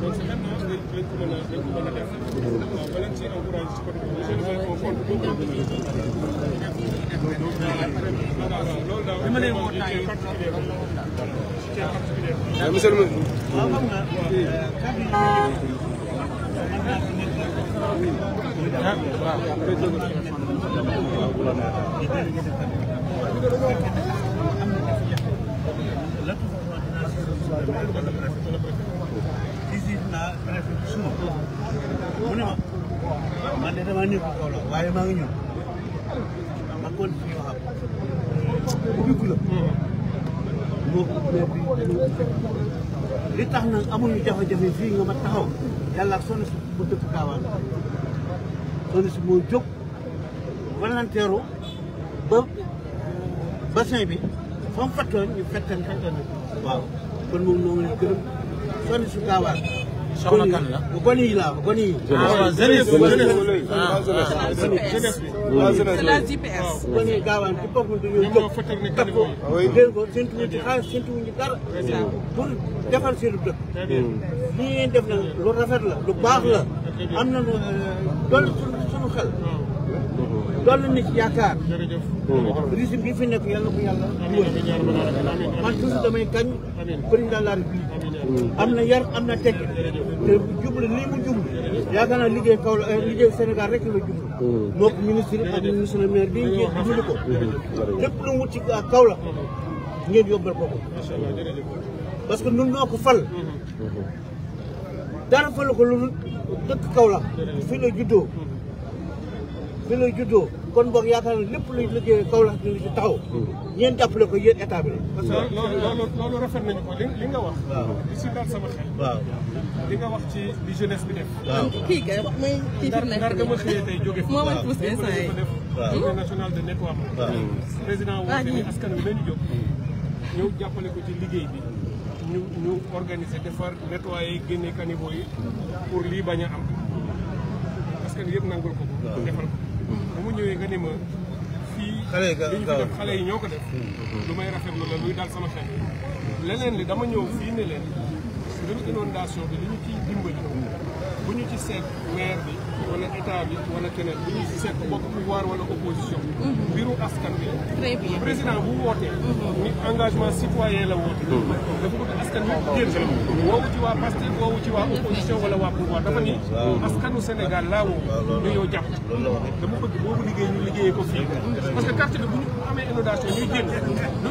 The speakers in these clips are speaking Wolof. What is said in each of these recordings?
donc si suma mu ne ma man de dama nekk kaw waaye maa ngi ñëw ma kon fii wax ak ubbi la moo li tax nag amuñu jafe-jafe fii nga ma taxaw yàlla ak sonn si bu dëkk Kaawaan sonn si moo jóg volontaire ba bassin bi fa mu ñu fettan fettan waaw kon moom noo ngi leen gërëm si Kaawaan soxna kan la gone yi la gone yi. Ah, jeunesse jeunesse de ah, ah, la JPS. gone yi gaawaan ci boppam dañoo jóg takku dégg nga séntu wuñ ci xaalis séntu wuñ ci dara. pour defar seen dëkk. Hmm. li ngeen def nag lu rafet la lu baax la am na euh, dool suñu xel. dolli nit yaakaar. jërëjëf. Hmm. régime fi nekk yàlla ko yàlla. man hmm. am na yar am na tekki. te jublu lii mu jublu. yaakaar naa liggéey kaw la eh, liggéey Sénégal rek la jublu. Hmm. moo ko ak ministre le maire bi ngeen jublu ko. lépp lu mu kaw la ngeen yóbbal ko ko. parce que ñun ñoo ko fal. dara ko lu dëkk kaw la. fii la juddoo. bi la juddoo kon boog yaakaar na lépp luy liggéey Kaolack dina ci taxaw. ñeen hmm. jàppale ko yéen état bi la. parce que loolu loolu loolu rafet nañu ko li nga wax. waaw li si daal sama xel. waaw li nga wax ci li jeunesse bi def. waaw kii kay wax may ci journée bi. dama xëyee tey jóge yi waaw journée nationale de nettoiement. waaw président woote ni askan wi nañu jóg. ñëw jàppale ko ci liggéey bi. ñu ñu organiser defar nettoyer génne caniveau yi pour lii bañ a am askan yëpp nangul ko ko defal ko. bu ñëwee nga ni ma fii li ñu fi def yi ñoo ko def mm-hmm. lu may rafetlu la luy daal sama xel leneen li dama ñëw fii ne mbirum inondation bi li ñu ciy dimbali bu ñu ci seet maire bi wala état bi wala keneen bu ñu ci seet bokk pouvoir wala opposition mhm. mbiru askan bi président bu wootee mhm. ni engagement citoyen la woote mhm. dafa bëgg askan wi génn woowu ci waa Pastef woowu ci waa opposition wala waa pouvoir dafa ni askanu Sénégal laa woo ñu yow jàpp dama bëgg boobu liggéey ñu liggéeyee ko fii parce que quartier bi bu ñu amee inondation ñuy génn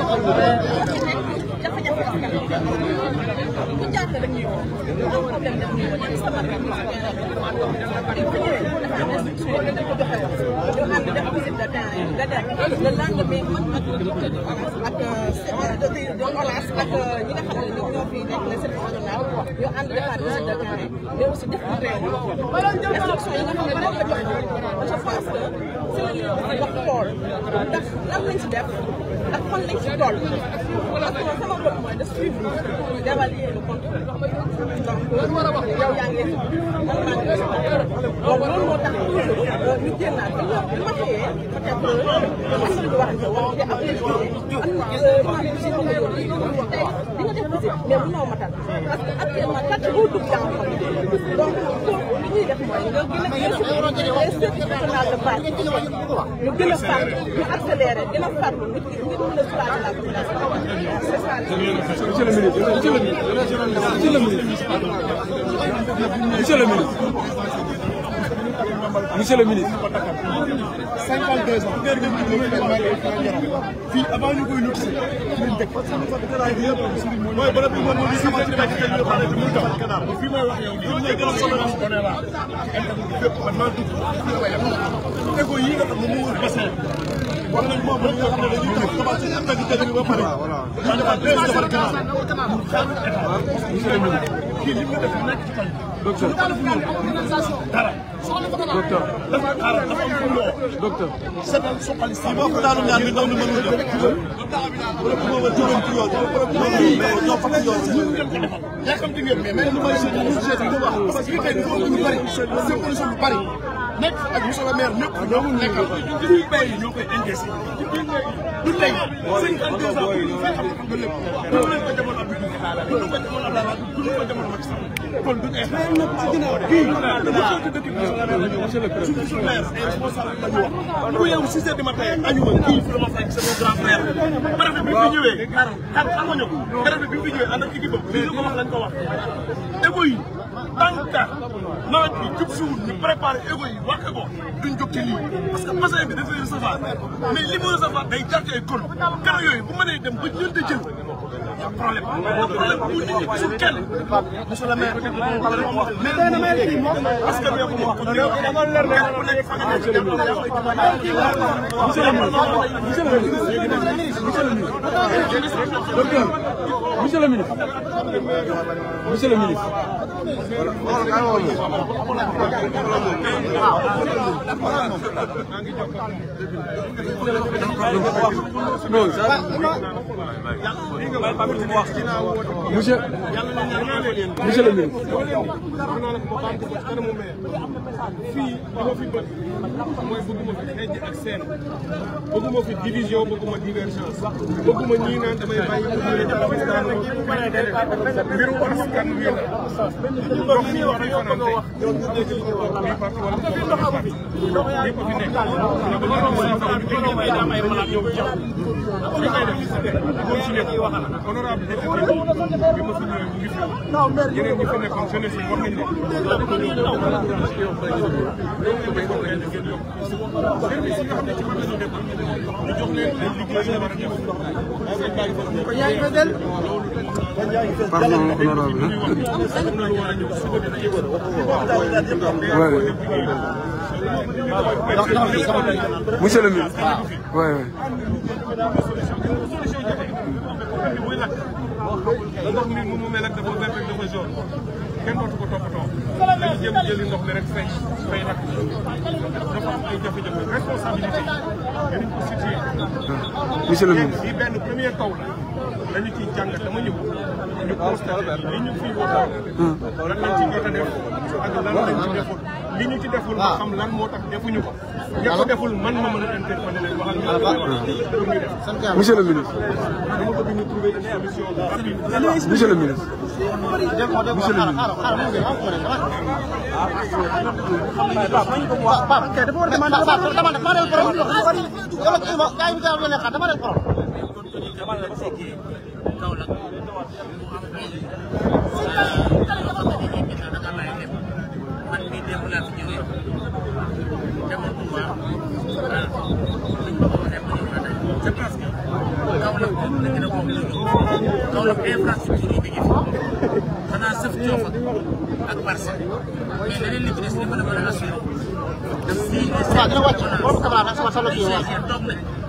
jafe-jafe ci kanam bu jaaxle rek ñu am problème def ñu ñëpp sama rek ñu dafa am instruction yi dañ ko joxe woon ñu ànd def visite de terrain nga def le lendemain man ak ak doon olas ak ñi nga xam ne ñoom ñoo fi nekk le service régional ñu ànd defaat visite de terrain mais aussi def réunion instruction yi nga xam ne moom la joxe je pense que c'est le lieu wax xool ndax lan lañ ci def fan lañ si toll parce que sama bopp mooy de suivre d'évaluer le contrôle donc yow yaa ngi man maa ngi si donc loolu moo tax toujours ñu génnaat bi bu ma xëyee peut-être dama sori waxante waxante après am na di nga def mais mënoo matal parce que actuellement tàcc boo dugg donc def mooy nga gën a incité les secrétariat de base ñu gën a farlu ñu accéléré gën a farlu nit ki ngir mën a soulager la population. c'est ça. monsieur le ministre monsieur le ministre monsieur le ministre. monsieur le ministre. 52 ans. fii avant ñu koy notifié. suñu dëkk. mooy bërëb bi moom mooy si ma ci dëkk bi nga xam ne muy taw. fii may wax yow nii ñu gën a sonal am on est là. fépp man maa dugg. égo yi nga xam ne mu ngi bassin. war nañ moo bëri nga xam ne dañuy def commencé impacté bi ba pare. maa defaat deux jours canal. mu xam état. monsieur le ministre. kii li mu def nekk ci kañ. donc dara. docteur dafa xaaral dafa am fu loo. docteur seetal soppali sax. boo ko daanu ñaan bi ndaw ni mënul def. nekk ak monsieur le maire ñëpp ñoo mun nekkal ñuy bay ñoo koy encaissé du tey cinquante deux ans xam nga lépp. ko jamono Macky Sall kon duñ ay xaar kii mosoo ci dëkk bi suñu maire ay responsable la ñu wax ku yow six heures du matin añu ma kii fi la ma fekk sama grand frère préfet bi mu fi ñëwee xar xar xam nga ñu ko préfet bi mu fi ñëwee ànd ak équipe bi ñu ko wax lañ ko wax égo yi tànka nawet bi jub si wut ñu préparé égo yi wax ko duñ jóg ci lii parce que bassin bi dafay recevoir mais li mu recevoir day jar ci ay kon kar yooyu bu mënee dem ba ñënte jël problème problème kenn. monsieur le maire parce que monsieur le ministre monsieur le ministre monsieur le ministre monsieur monsieur le ministre. fii dama fi bëgg mooy bëgguma fi xeej ak seen bëgguma fi division bëgguma divergence bëgguma ñii naan damay bàyyi mbiru askan wi la ndox mi war nañ fanaan tey bii parti wala parti ñëpp fi nekk na ba ñu am ay malaat yow jaw li ngay def continuer honorable bi ma fi ñëwee mu ngi fi yeneen ñi fi nekkoon jeunesse bi war nañ leen pardon honorable monsieur le ministre ko indi muy lakk da ndox mi nu mu mel ak dafa vert ak dafa jaune kenn dootu ko toppatoo dañu jëm jëli ndox mi rek fay fay lakk dafa am ay jafe-jafe responsabilité dinañ ko situé. monsieur le ministre yi benn première taw la dañu ciy jàngat dama ñëw ñu constaté li ñu fi woo daaw ah. lan lañ ci jot a def ak lan lañ ci defoon li ñu ci deful ma xam lan moo tax defuñu ko. ña ko deful man ma mën a interpeller leen waxal ñu def. monsieur le ministre. dama bëgg ñu trouver une solution rapide. monsieur le ministre. monsieur le ministre. démb laa fi jógee demoon Touba ah suñ ko waxee ma ñëw na tey je pense que Kaolack moom la gën a bokk ñu Kaolack infrastructure yi mi ngi fi xanaa sëf coof ak parcelle mais leneen li ci des li ma la mën a assuré. daf fii nii seen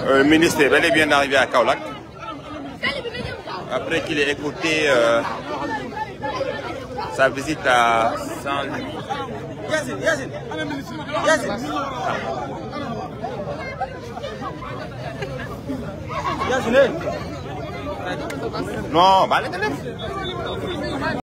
Ministère, euh, ministre est bien arrivé à Kaolak. Après qu'il ait écouté euh, sa visite à Saint-Louis. Non, bah les